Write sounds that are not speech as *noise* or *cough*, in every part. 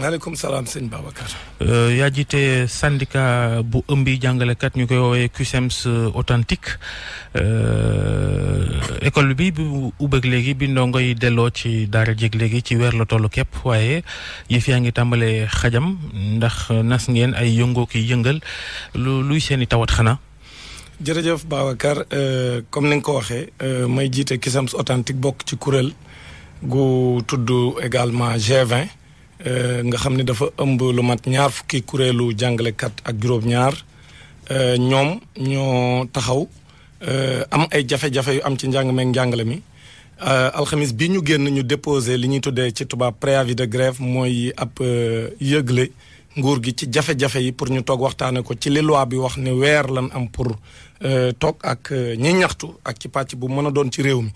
maaleykum salaam sëñ Babacar. Euh, yaa jiite syndicat bu ëmbi kat ñu koy woowee CUSEMS euh, authentique euh, école bi bu ubbeeg léegi bi ndongo yi delloo ci daara jéeg léegi ci weer la toll képp waaye yëf yaa ngi tàmbalee xajam ndax nas ngeen ay yëngoo ki yëngal lu luy seen tawat xanaa. jërëjëf Babacar comme ni nga ko waxee may jiite CUSEMS authentique bokk ci kuréel gu tudd également G20. Euh, nga xam ne dafa ëmb lu mat ñaar fukki kuréelu jàngalekat ak juróom-ñaar euh, ñoom ñoo taxaw euh, am ay jafe-jafe yu am ci njàng meeg njàngale mi alxamis bi ñu génn ñu déposé li ñuy tuddee ci tubaab préavis de grève mooy ab yëgle nguur gi ci jafe-jafe yi pour ñu toog waxtaane ko ci li bi wax ne weer lan am pour toog ak ñi ñaxtu ak ci pàcc bu mën a doon ci réew mi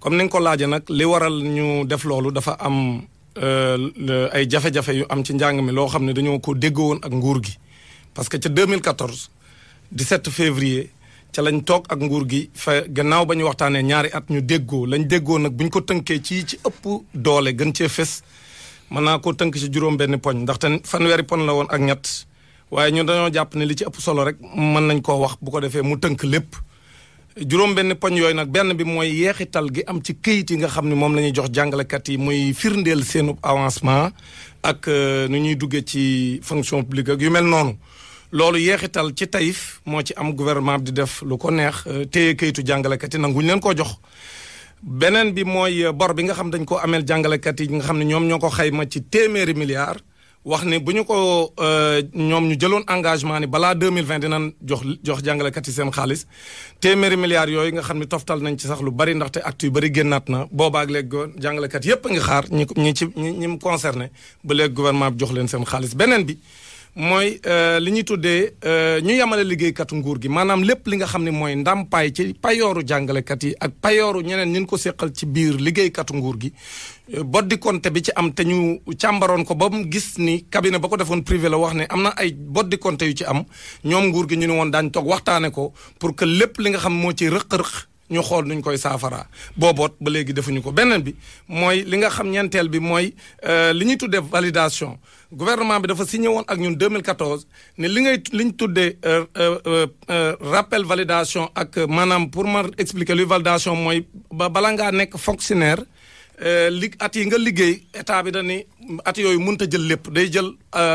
comme ni ko laajee nag li waral ñu def loolu dafa am Euh, ay jafe-jafe yu am ci njàng mi loo xam ne dañoo ko déggoo woon ak nguur gi parce que ca 2014 17 février ca lañ toog ak nguur gi fa gannaaw ba ñu waxtaanee ñaari at ñu déggoo lañ déggoo nag bu ñu ko tënkee ci ci ëpp doole gën cee fés mën naa koo tënk ci juróom-benn poñ ndaxte fanweeri poñ la woon ak ñett waaye ñun dañoo jàpp ne li ci ëpp solo rek mën nañ koo wax bu ko defee mu tënk lépp. juróom benn poñ yooyu nag benn bi mooy yeexital gi am ci këyit yi nga xam ne moom lañuy jox jàngalekat yi muy firndeel seenu avancement ak euh, nu ñuy duggee ci fonction publique ak yu mel noonu loolu yeexital ci tayif moo ci am gouvernement bi di def lu ko neex euh, te këyitu jàngalekat yi ñu leen koo jox beneen bi mooy euh, bor bi nga xam dañ ko ameel jàngalekat yi nga xam ne ñoom ñoo ko xayma ci téeméeri milliards wax ni bu ñu ko euh, ñoom ñu jëloon engagement ni balaa 2020 dinañ jox jox jàngalekat yi seen xaalis téeméeri milliards yooyu nga xam ne toftal nañ ci sax lu bari ndaxte acte bari génnaat na boobaak léegi jàngalekat yépp a ngi xaar ñi ñi ci ñi mu concerné ba léegi gouvernement bi jox leen seen xaalis beneen bi mooy euh, li ñuy tuddee euh, ñu yemale liggéeykatu nguur gi maanaam lépp li nga xam ne mooy ndàmpaay ci payooru jàngalekat yi ak payooru ñeneen ñun ko seqal ci biir liggéeykatu nguur gi euh, boddi konte bi ci am te ñu càmbaroon ko ba mu gis ni cabinet ba ko defoon privé la wax ne am na ay boddi konte yu ci am ñoom nguur gi ñu ne woon daañ toog waxtaane ko pour que lépp li nga xam moo ci rëq-rëq ñu xool nuñ koy saafaraa booboot ba léegi defuñu ko beneen bi mooy li nga xam ñeenteel bi mooy euh, li ñuy tuddee validation gouvernement bi dafa signé woon ak ñun 2014 ne li ngay li ñu tuddee euh, euh, rappel validation ak maanaam pour ma expliquer luy validation mooy ba bala ngaa nekk fonctionnaire li at yi nga liggéey état bi da at yooyu mënut a jël lépp day jël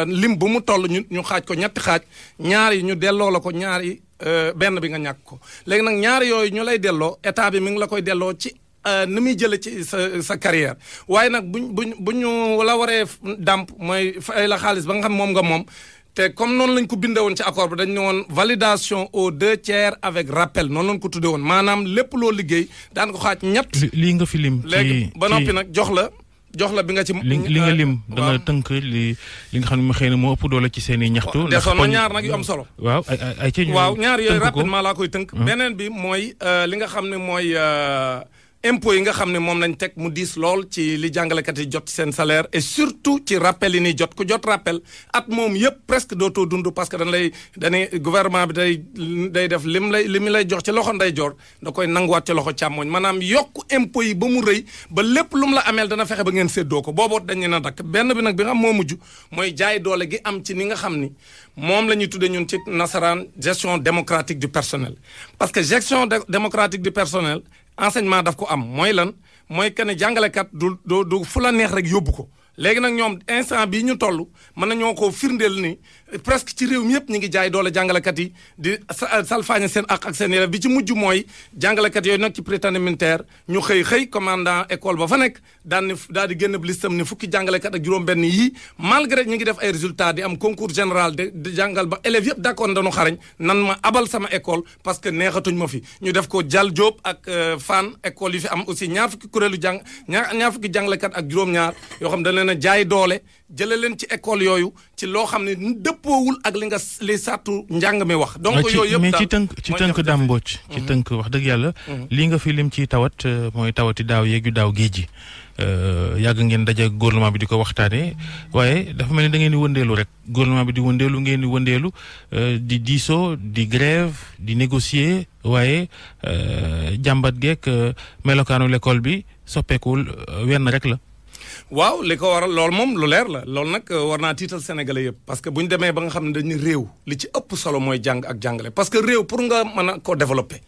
lim bu mu toll ñu ñu xaaj ko ñetti xaaj ñaar yi ñu delloo la ko ñaar yi Euh, benn bi nga ñàkk ko léegi nag ñaar yooyu ñu lay delloo état bi mi ngi la koy delloo ci euh, ni muy jële ci sa sa carrière waaye nag buñ buñ bu ñu la waree dàmp mooy fay la xaalis ba nga xam moom nga moom te comme noonu lañ ko bindee woon ci accord bi dañ ne woon validation aux deux tiers avec rappel noonu lañ ko tuddee woon maanaam lépp loo liggéey daan ko xaaj ñett. lii nga fi lim léegi ba noppi nag jox la. jox bi nga ci. li nga lim da tënk li li nga xam ne xëy na moo ëpp doole ci seen i ñaxtu. ndax desoon na ñaar nag yu am solo. waaw ay ay ay ci ñu ñaar yooyu rapidement laa koy tënk. beneen bi mooy euh, li nga xam ne mooy euh, impôt yi nga xam ne moom lañu teg mu diis lool ci li jàngalekat yi jot seen salaire et surtout ci rappel yi nii jot ku jot rappel at moom yëpp presque dootoo dund parce que dañ lay dañuy gouvernement bi day day def lim lay li mu lay jox ci loxo nday ndeyjoor da koy nanguwaat ci loxo càmmooñ maanaam yokk impôt yi ba mu rëy ba lépp lu mu la ameel dana fexe ba ngeen séddoo ko booboo dañu na dakk benn bi nag bi nga xam moo mujj mooy jaay doole gi am ci ni nga xam ni moom la ñuy tuddee ñun ci nasaraan gestion démocratique du personnel parce que gestion démocratique du personnel ensegnement daf ko am mooy lan mooy que ne jàngalekat du du du fu la neex rek yóbbu ko léegi nag ñoom instant bii ñu toll mën nañoo ko firndeel ni presque ci réew mi yëpp ñu ngi jaay doole jàngalekat yi di euh, salfaañe seen ak ak seen yelef bi ci mujj mooy jàngalekat yooyu nag ci prytanée militaire ñu xëy xëy commandant école ba fa nekk daan ni daal di génn listam ni fukki jàngalekat ak juróom-benn malgré ñu ngi def ay résultats di am concours général de jàngal ba élèves yëpp d'accord dañu xarañ nan ma abal sama école parce que neexatuñ ma fi ñu def ko jal jóob ak euh, fan école yi fi am aussi ñaar fukki kuréelu jàng ñaar ñaar jàngalekat ak juróom-ñaar yoo xam dañ leen a jaay doole jële leen ci école yooyu ci loo xam ne dëppoowul ak li nga li sàttu njàng mi wax. donc yooyu yëpp ci tënk ci tënk Dame ci mhm. tënk wax dëgg yàlla. Mhm. lii nga fi lim ci tawat euh, mooy tawati daaw yeeg yu daaw géej ji. Euh, yàgg ngeen daje gouvernement bi di ko waxtaanee waaye dafa mel ni di wëndeelu rek gouvernement bi di wëndeelu ngeen di wëndeelu euh, di diisoo di grève di négocier waaye jàmbat geek melokaanu l'école bi soppeekul wenn rek la. waaw li ko waral lool moom lu leer la loolu nag euh, war naa tiital sénégalais yëpp parce que bu ñu demee ba nga xam ne dañu réew li ci ëpp solo mooy jàng ak jàngale parce que réew pour nga mën a ko développer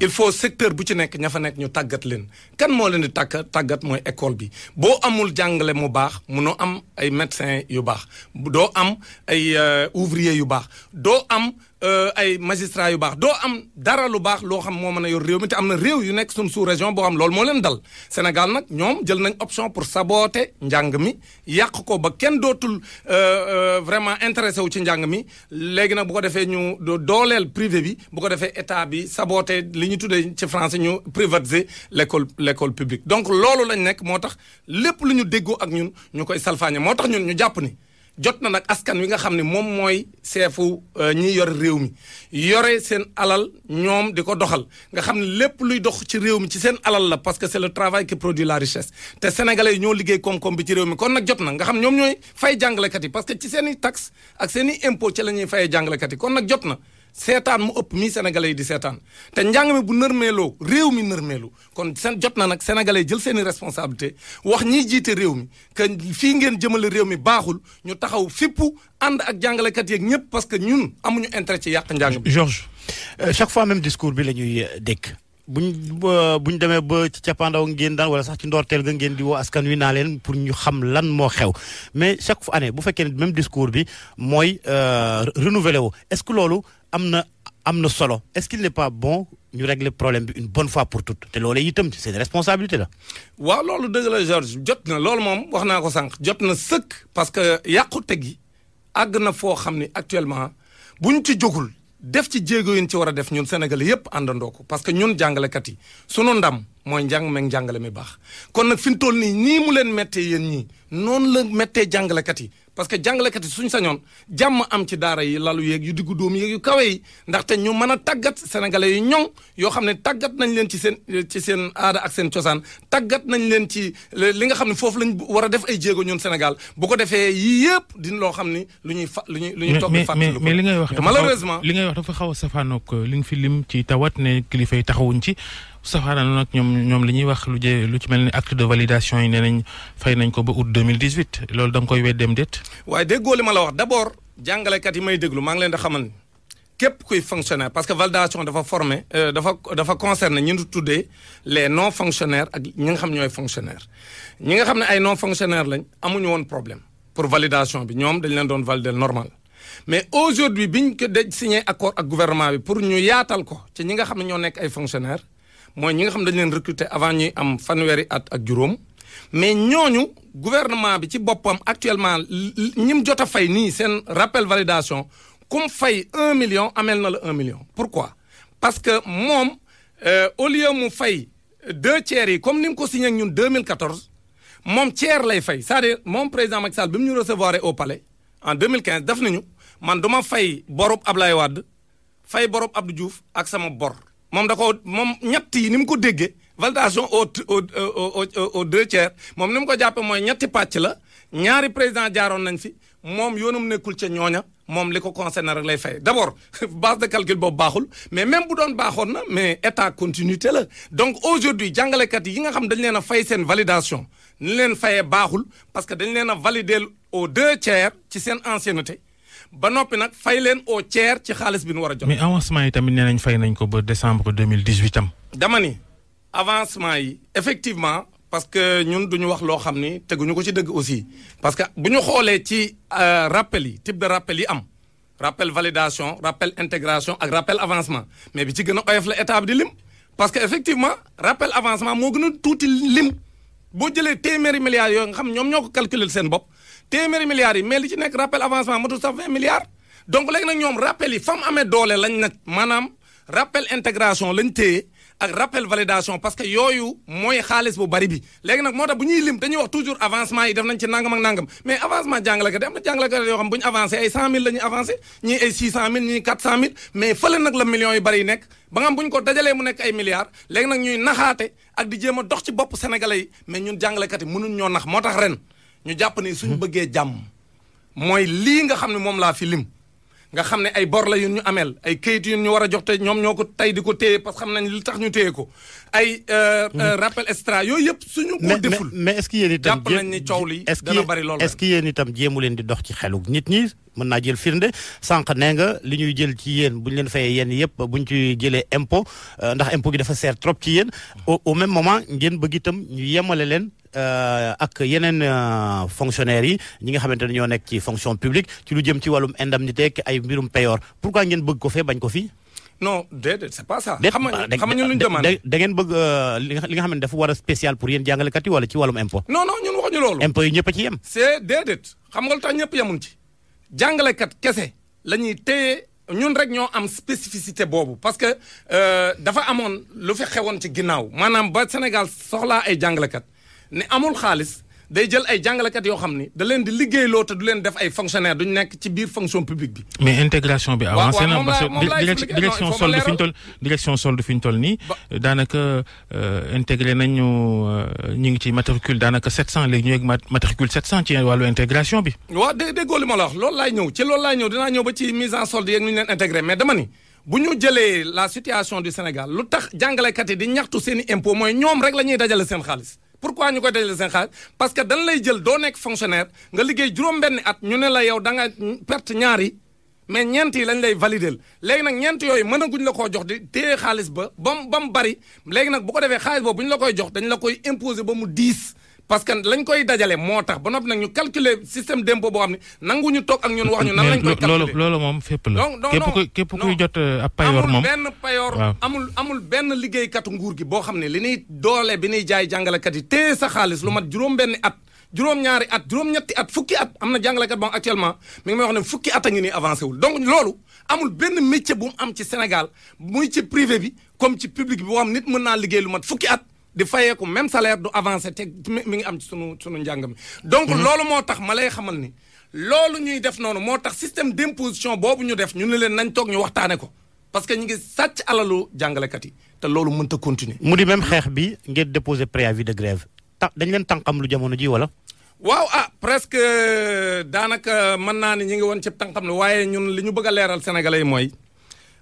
il faut secteur bu ci nekk ña fa nekk ñu tàggat leen kan moo leen di tàggat tàggat mooy école bi boo amul jàngale mu baax munoo am ay médecins yu baax doo am ay euh, ouvrier yu baax doo am Euh, ay magistrats yu baax doo am dara lu baax loo xam moo mën a yor réew mi te am na réew yu nekk suñ suu région boo xam loolu moo leen dal Sénégal nag ñoom jël nañ option pour saboter njàng mi yàq ko ba kenn dootul euh, euh, vraiment intéressé wu ci njàng mi léegi nag bu ko defee ñu dooleel privé bi bu ko defee état bi saboter li ñu tuddee ci français ñu privatiser l'école l'école publique donc loolu lañ nekk moo tax lépp lu ñu déggoo ak ñun ñu koy salfaañe moo tax ñun ñu jàpp ni jot na nag askan wi nga xam ne moom mooy seefu euh, ñi yore réew mi yore seen alal ñoom di ko doxal nga xam ne lépp luy dox ci réew mi ci seen alal la parce que c'est le travail qui produit la richesse te sénégalais yi ñoo liggéey koom-koom bi ci réew mi kon nag jot na nga xam ñoom ñooy fay jàngalekat yi parce que ci seen i taxe ak seen i ci la ñuy fayee jàngalekat yi kon nag jot na seetaan mu ëpp mii sénégalais yi di seetaan te njàng bu nërmeeloo réew mi nërmeelu kon seen jot na nag sénégalais jël seen i responsabilité wax ñi jiite réew mi que fii ngeen jëmale réew mi baaxul ñu taxaw fippu ànd ak jàngalekat yeeg ñëpp parce que ñun amuñu intérêt ci yàq njàng bi. Georges euh, chaque fois même discours bi la ñuy euh, dégg buñ euh, buñ demee ba ci cappaandaw ngeen daan wala sax ci ndoorteel ga ngeen di woo askan wi naa leen pour ñu xam lan moo xew mais chaque année bu fekkee ne même discours bi mooy renouvelé wu est-ce que loolu. am na am na solo est-ce qu'il n'est pas bon ñu régler problème bi une bonne fois pour toutes te loolee itam seen responsabilité la. waaw loolu dëgg la Georges jot na loolu moom wax naa ko sànq jot na sëkk parce que yàqute gi àgg na foo xam ne actuellement bu ñu ci jógul def ci jéego yi ñu ci war a def ñun Sénégalais yëpp àndandoo ko parce que ñun jàngalekat yi sunu ndam mooy njàng meeg njàngale mi baax kon nag fi mu toll nii nii mu leen méttee yéen ñii noonu la méttee jàngalekat yi. parce que jàngalekat yi suñ sañoon jàmm am ci daara yi lalu yeeg yu diggu doom yeeg yu kawe yi ndaxte ñu mën a tàggat sénégalais yi ñoŋ yoo xam ne tàggat nañ leen ci seen ci seen aada ak seen cosaan tàggat nañ leen ci li nga xam ne foofu lañ war a def ay jéego ñoon Sénégal bu ko defee yii yëpp dina loo xam ni lu ñuy fa lu ñuy lu ñuy toog di fàttaliku mais li ngay wax malheureusement li ngay wax dafa xaw a euh, li nga fi lim ci tawat ne kilifa yi taxawuñ ci Moustapha a nag ñoom ñoom li ñuy wax lu jë lu ci mel ni act de validation yi nee nañ fay nañ ko ba août deux mille dix huit loolu da nga koy weddeem déet. waaye déggoo li ma la wax d' abord jàngalekat yi may déglu maa ngi leen di képp kuy fonctionnaire parce que validation dafa formé euh, dafa dafa concerné ñi ñu tuddee les non fonctionnaires ak ñi nga xam ñooy fonctionnaire ñi nga xam ne ay non fonctionnaire lañ amuñu woon problème pour validation bi ñoom dañ leen doon valider normal. mais aujourd'hui bi ñu ko de signé accord ak gouvernement pour ñu yaatal ko ci ñi nga xam ne ñoo nekk ay fonctionnaires mooy ñi nga xam dañ leen recruter avant ñuy am fanweeri at ak juróom mais ñooñu gouvernement bi ci boppam actuellement ñim jot a fay nii seen rappel validation comme fay un million amel na la un million pourquoi parce que moom euh, au lieu mu fay deux tiers yi comme ni mu ko signé ak ñun 2014 moom tiers lay fay cest à moom président Macky Sall bi mu ñu recevoir au palais en 2015 def nañu man duma fay borub Ablaye Wade fay borub Abdou Diouf ak sama bor moom da ko moom ñetti yi ni mu ko déggee validation au au au deux tiers moom ni ko jàppee mooy ñetti pàcc la ñaari président jaaroon nañ fi moom yoonum nekkul ca ñooña moom li ko concerné rek lay fay d' abord *laughs* base de calcul boobu baaxul mais même bu doon baaxoon na mais état continuité la donc aujourd'hui jàngalekat yi nga xam dañ leen a fay seen validation ni leen fayee baaxul parce que dañ leen a valider au deux tiers ci seen ancienneté ba noppi nag fay leen au tiers ci xaalis bi nu war a jox. mais avancement yi tamit nee nañ fay nañ ko ba décembre deux mille dix huit am. dama ni avancement yi effectivement parce que ñun duñu wax loo xam ni teguñu ko ci dëgg aussi parce que bu ñu xoolee ci euh, rappel yi type de rappel yi am rappel validation rappel intégration ak rappel avancement mais bi ci gën a oyof la état bi di lim parce que effectivement rappel avancement moo gën a lim boo jëlee téeméeri milliards yooyu nga xam ñoom ñoo ko calculer seen bopp. téeméeri milliards yi mais li ci nekk rappel avancement matul sax vingt milliards donc léegi nag ñoom rappel yi fa mu amee doole lañ nag maanaam rappel intégration lañ téye ak rappel validation parce que yooyu mooy xaalis bu bari bi léegi nag moo tax bu ñuy lim dañuy wax toujours avancement yi def nañ ci nangam ak nangam mais avancement jàngalekat am na jàngalekat yoo xam bu ñu avancé ay 100000 la ñuy avancé ñii ay 600000 ñii 400000 mais fële nag la millions yu mu nekk ay milliards léegi nag ñuy naxaate ak di a dox ci bopp sénégalais yi mais ñun yi mënuñ ñoo nax moo tax ren. ñu jàpp ni suñu bëggee jàmm mooy lii nga xam ne moom laa fi lim nga xam ne ay bor la yu ñu ameel ay kayit yu ñu war a jox te ñoom ñoo ko tey di ko téye parce que xam nañ li tax ñu téye ko ay euh, euh, rappel extra yooyu yëpp suñu ko deful mais est-ce que yéen itam jàpp nañ ni coow li dana lool est-ce que yéen itam jéemu leen di dox ci xelu nit ñi mën naa jël firnde sànq nee nga li ñuy jël ci yéen bu ñu leen fayee yéen yëpp bu ñu ci jëlee impôt euh, ndax impo bi dafa seer trop ci yéen au même moment ngeen bëgg itam ñu yemale leen ak yeneen fonctionnaires yi ñi nga xamante ne ñoo nekk ci fonction publique ci lu jëm ci wàllum indemnité ak ay mbirum payor pourquoi ngeen bëgg ko fee bañ ko fii non déedéet c'est pas ça. xam nga xam nga ñun lu ñu demandé da ngeen bëgg euh, li nga li nga xam ne dafa war a spécial pour yéen jàngalekat yi wala ci wàllum impôt. non non ñun waxuñu loolu. impôt yi ñëpp ci yem. c'est déedéet xam nga lu tax ñëpp yemuñ ci jàngalekat kese la ñuy téye ñun rek ñoo am spécificité boobu parce que euh, dafa amoon lu fi xewoon ci ginnaaw maanaam ba Sénégal soxlaa ay jàngalekat ne amul xaalis. day jël ay jàngalekat yoo xam ni daleen leen di liggéeyloo te du leen def ay fonctionnaire duñ nekk ci biir fonction publique bi. mais intégration bi avancé na parce que direction solde fi ñu toll nii. daanaka euh, intégré nañu euh, ñu ngi ci matricule daanaka 700 léegi ñu yegg matricule 700 ci wàllu intégration bi. waaw dé déggoo la wax loolu laay ñëw ci loolu laay ñëw dinaa ñëw ba ci mise en solde yeeg nu ñu leen intégré mais dama ni. bu ñu jëlee la situation du Sénégal lu tax jàngalekat di ñaxtu seen i impôt ñoom rek la ñuy dajale seen pour quoi ñu koy dajale seen xaalis parce que dañ lay jël doo nekk fonctionnaire nga liggéey juróom-benni at ñu ne la yow da nga perte ñaari mais ñeent yi lañ lay validel léegi nag ñeent yooyu mën a guñ la koo jox di téye xaalis ba ba mu ba mu bari léegi nag bu ko defee xaalis boobu bu ñu la koy jox dañ la koy imposer ba mu diis parce que lañ koy dajale moo tax ba noppi nag ñu calculer système d'impôt boo xam ne nanguñu toog ak ñun wax ñu nan lañ koy calculer loolu moom fépp la képp kuy képp kuy jot euh, ab payoor moom amul benn payoor amul amul benn liggéeykatu nguur gi boo xam ne li ñuy doole bi ñuy jaay jàngalekat yi tee sa xaalis lu mat juróom-benni at juróom-ñaari at juróom-ñetti at fukki at am na jàngalekat bon actuellement mi ngi may wax ne fukki at a ngi nii avancé wul donc loolu amul benn métier bu mu am ci Sénégal muy ci privé bi comme ci public boo xam nit mën naa liggéey lu mat fukki at di fayeeku même salaire du avancé te mi ngi am ci sunu sunu njàngam mi donc mhm. loolu moo tax ma xamal ni loolu ñuy def noonu moo tax système d'imposition boobu ñu def ñu ne leen nañ toog ñu waxtaane ko parce que ñu ngi sàcc alalu jàngalekat yi te loolu mënta continuer mu di même xeex bi ngeen déposé préavis de grève ta dañ leen tànqam lu jamono ji wala waaw ah presque euh, daanaka mën naa ne ñi ngi wan ci tànqam lu waaye ñun li ñu bëgg a leeral sénégalais mooy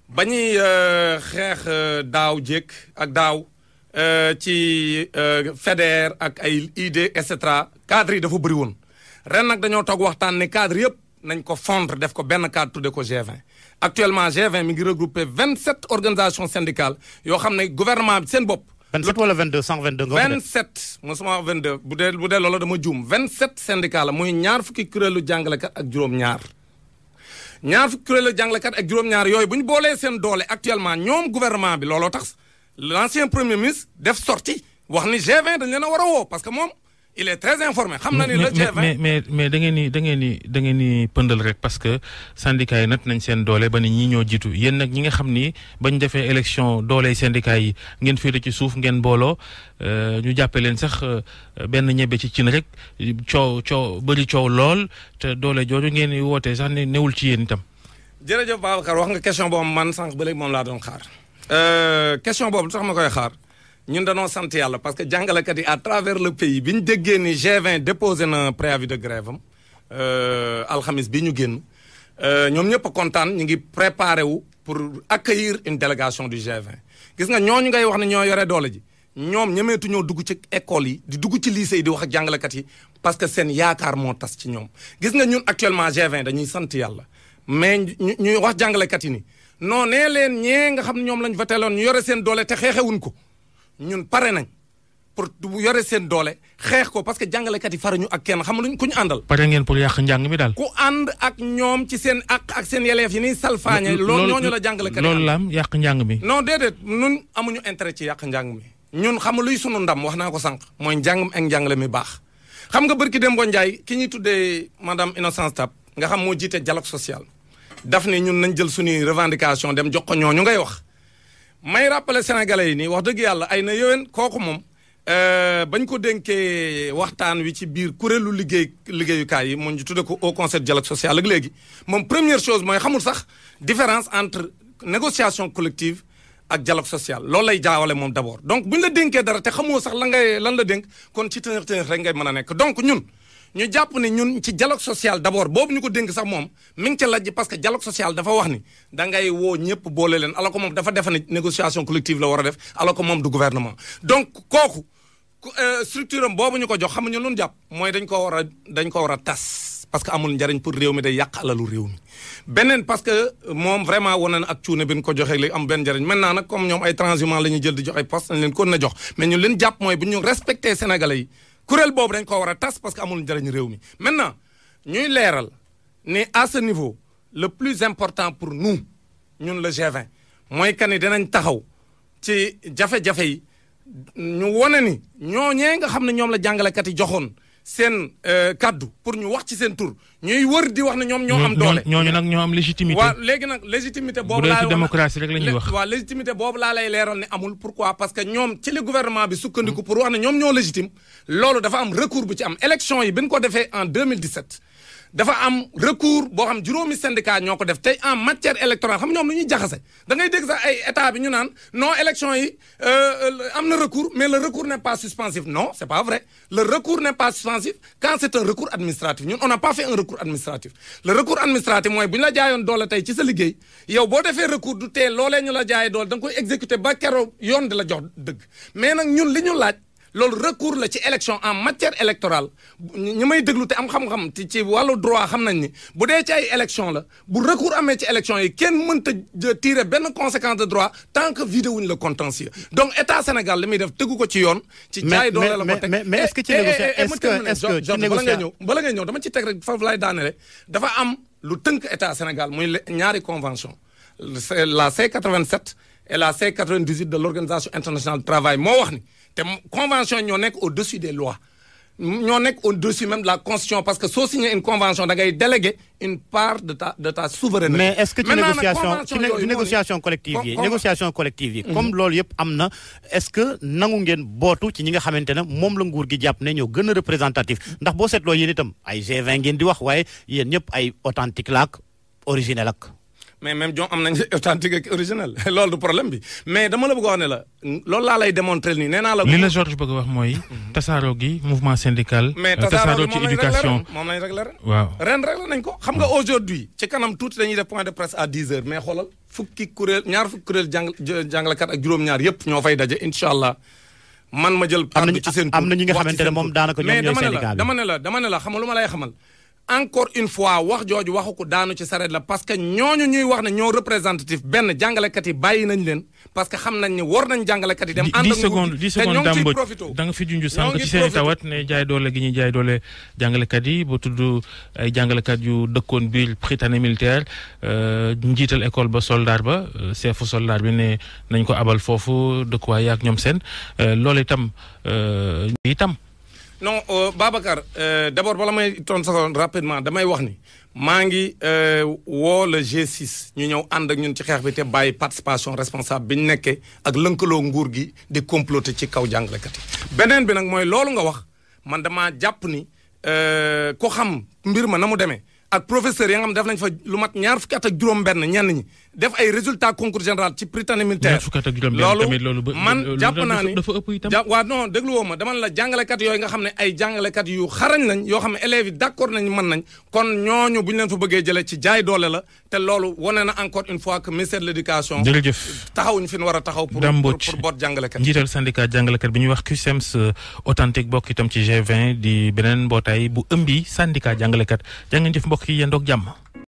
ba ñuy euh, xeex euh, daaw jékk ak daaw Euh, ci euh, FEDER ak ay idée et cetera cadre yi dafa bëri woon ren nag dañoo toog waxtaan ne cadre yëpp nañ ko fondre def ko benn cadre tudde ko G20 actuellement G20 mi ngi yoo xam ne gouvernement bi seen bopp. 27 wala 22 122 nga 27 mosuma 22 bu dee bu dee loola dama juum 27 syndicats la mooy ñaar fukki kuréelu jàngalekat ak juróom-ñaar. ñaar fukki kuréelu jàngalekat ak juróom-ñaar yooyu bu ñu boolee seen doole actuellement ñoom gouvernement bi looloo tax l'ancien premier ministre def sortie wax ni G20 dañ a war a woo parce que moom il est très informé. xam na ni le g mais mais mais da ngeen ni da ngeen ni da pëndal rek parce que syndicats yi nat nañ seen doole ba ni ñi ñoo jiitu yéen nag ñi nga xam ni bañ defee élection dooley syndicats yi ngeen féete ci suuf ngeen booloo euh, ñu jàppe leen sax euh, benn ñebe ci cin rek coow coow bëri coow lool te doole jooju ngeen di wootee sax newul ci yéen itam. jërëjëf Babacar wax nga question boobu man sànq ba léegi moom laa doon Euh, question boobu sax ma koy xaar ñun danoo sant yàlla parce que jàngalekat yi à travers le pays bi ñu déggee ni G20 déposé na préavis de grève am euh, alxamis bi ñu génn euh, ñoom ñëpp kontaan ñu ngi préparé wu pour accueillir une délégation du G20 gis nga ñoo ñooñu ngay wax ne ñoo yore doole ji ñoom ñemeetu ñoo dugg ci école yi di dugg ci lycée yi di wax ak jàngalekat yi parce que seen yaakaar moo tas ci ñoom gis nga ñun actuellement G20 dañuy sant yàlla mais ñuy wax jàngalekat yi ni non nee leen ñee nga xam ne ñoom lañ voteloon ñu yore seen doole te xeexewuñ ko ñun pare nañ pour bu yore seen doole xeex ko parce que jàngalekat yi faruñu ak kenn xam luñ ku ñu àndal. pare ngeen pour yàq njàng mi daal. ku ànd ak ñoom ci seen àq ak seen yeleef yi ni salfaañe. loolu ñooñu la jàngalekat yi loolu la am yàq njàng mi. non déedéet ñun amuñu intérêt ci yàq njàng mi. ñun xam luy sunu ndam wax naa ko sànq. mooy njàngam ak njàngale mi baax. xam nga barki Demba Ndiaye ki ñuy tuddee madame Innocence Tab nga xam moo jiite dialogue social daf ne ñun nañ jël suñuy revendication dem jox ko ñooñu ngay wax may rappeler sénégalais yi nii wax dëgg yàlla ay na yowén kooku moom euh, bañ ko dénkee waxtaan wi ci biir kuréelu liggéey liggéeyukaay yi moom ñu tudde ko au conseil dialogue social ak léegi moom première chose mooy xamul sax différence entre négociation collective ak dialogue social loolu lay jaawale moom d'abord donc bu la dénkee dara te xamoo sax la ngay lan la dénk kon ci tënëx tënëx rek ngay mën a nekk donc ñun ñu jàpp ne ñun ci dialogue social d'abord boobu ñu ko dénk sax moom mi ngi ca lajj parce que dialogue social dafa wax ni da ngay woo ñëpp boole leen alors que moom dafa defe ne négociation collective la war a def alors que moom du gouvernement. donc kooku euh, structure am boobu ñu ko jox xam nga ñu lu jàpp mooy ko war a dañ ko war a tas parce que amul njariñ pour réew mi day yàq alalu réew mi. beneen parce que moom vraiment wane na ak cuune bi ñu ko joxee léegi am benn njariñ bu ñu respecté sénégalais yi. kuréel boobu dañ ko war a tas parce que amul njëriñ réew mi maintenant ñuy leeral ne à ce niveau le plus important pour nous ñun la g mooy que ni dinañ taxaw ci jafe-jafe yi ñu wone ni ñooñee nga xam ne ñoom la jàngalekat yi joxoon seen euh, kaddu pour ñu wax ci seen tur ñuy wër di wax ne ñoom ñoo am doole ñooñu nag ñoo am légitimité léegi nag légitimité boobu laa démocratie rek la ñuy wax waaw légitimité boobu laa lay leeral ne amul pourquoi parce que ñoom ci li gouvernement bi sukkandiku mm. pour wax ne ñoom ñoo légitime loolu dafa am recours bu ci am élection yi bi ko defee en dafa am recours boo am juróomi syndicat ñoo ko def tey en matière électorale xam ñoom lu ñuy jaxase da ngay dégg sax état bi ñu naan non élection yi euh, am na recours mais le recours n'est pas suspensif non c'est pas vrai le recours n'est pas suspensif quand c'est un recours administratif ñun on n'a pas fait un recours administratif le recours administratif mooy bu ñu la jaayoon doole tey ci sa liggéey yow boo defee recours du tee loolee ñu la jaayee doole dan nga koy exécuter ba keroog yoon di la jox dëgg mais nag ñun li ñu laaj loolu recours la ci élection en matière électorale ñi may déglu te am xam-xam ti ci wàllu droit xam nañ ni bu dee ci ay élection la bu recours amee ci élection yi kenn mënta tirer benn conséquence de droit tant que vidé wuñ le contentieux donc état Sénégal li muy def tegu ko ci yoon. ci jaay doole la ko teg mais mais est-ce que ci ngay ñëw dama ci teg rek foofu laay daanele dafa am lu tënk état Sénégal muy ñaari convention la C87 et la C98 de l'organisation internationale du travail moo ni. te convention ñoo nekk au-dessus des lois ñoo nekk au-dessus même de la constitution parce que soo signé une convention da ngay déléguer une part de ta de ta souveraineté. mais est-ce que ci négociation collective yi négociation collective yi. comme loolu yëpp am na est-ce que nangu ngeen bootu ci ñi nga xamante ne moom la nguur gi jàpp ne ñoo gën a représentatif ndax boo seetloo yéen itam ay G20 ngeen di wax waaye yéen ñëpp ay authentique laak originel ak. mais même jom am nañ *laughs* authentique ak original *laughs* loolu du problème bi mais dama la bëgg wax ne la lay démontrer nii nee naa la. li la Georges bëgg wax mooy. Mhm. tasaaroo mouvement syndical. mais euh, tasaaroo moom lañ réglé ren. waaw nañ ko xam nga aujourd'hui ci kanam tuuti dañuy def point de presse à 10 heures mais xoolal fukki kuréel ñaar fukki kuréel jàng jàngalekat ak juróom-ñaar yëpp ñoo fay daje incha allah man ma jël. am na ci seen am na ñi nga xamante ne moom daanaka ñoom la dama ne la ma lay xamal encore une fois wax jooju waxu ko daanu ci sareet la parce que ñooñu ñuy wax na ñoo représentatif benn jàngalekat yi bàyyi nañ leen parce que xam nañ ne war nañ jàngalekat yi. dem ànd ak nguur gi secondes dix secondes dàmb da nga fi junj sànq ci seen tawat ne jaay doole gi ñuy jaay doole jàngalekat yi ba tudd ay jàngalekat yu dëkkoon biir prytanée militaire euh, njiital école ba soldaar ba euh, chef soldaar bi ne nañ ko abal foofu dëkkuwaay yaak ñoom seen euh, loolu itam itam. non euh, Babacar euh, d'abord bala may tontu saxoon rapidement damay wax ni maa ngi euh, woo le G6 ñu ñëw ànd ak ñun ci xeex bi te bàyyi participation responsable bi ñu nekkee ak lënkaloo nguur gi di comploter ci kaw jàngalekat yi. beneen bi nag mooy loolu nga wax man damaa jàpp ni ko xam mbir ma na mu demee ak professeur ya nga xam def nañ fa lu mat ñaar fukki at ak juróom-benn ñenn ñi. def ay résultats concours général ci prytanée militaire loolu man jàpp naa ni waaw non déglu woo ma dama la jàngalekat yooyu nga xam ne ay jàngalekat yu xarañ lañ yoo xam ne élèves yi d'accord nañ mën nañ kon ñooñu bu ñu leen fa bëggee jëlee ci jaay doole la te loolu wane na encore une fois que ministère de l'éducation jërëjëf taxawuñu fi ñu war a taxaw pour pour boot jàngalekat njiital syndicat jàngalekat bi ñuy wax CUSEMS e euh, authentique bokk itam ci G20 di beneen mbootaay bu ëmbi syndicat jàngalekat jàngeen jëf mbokk yi yéen doog jàmm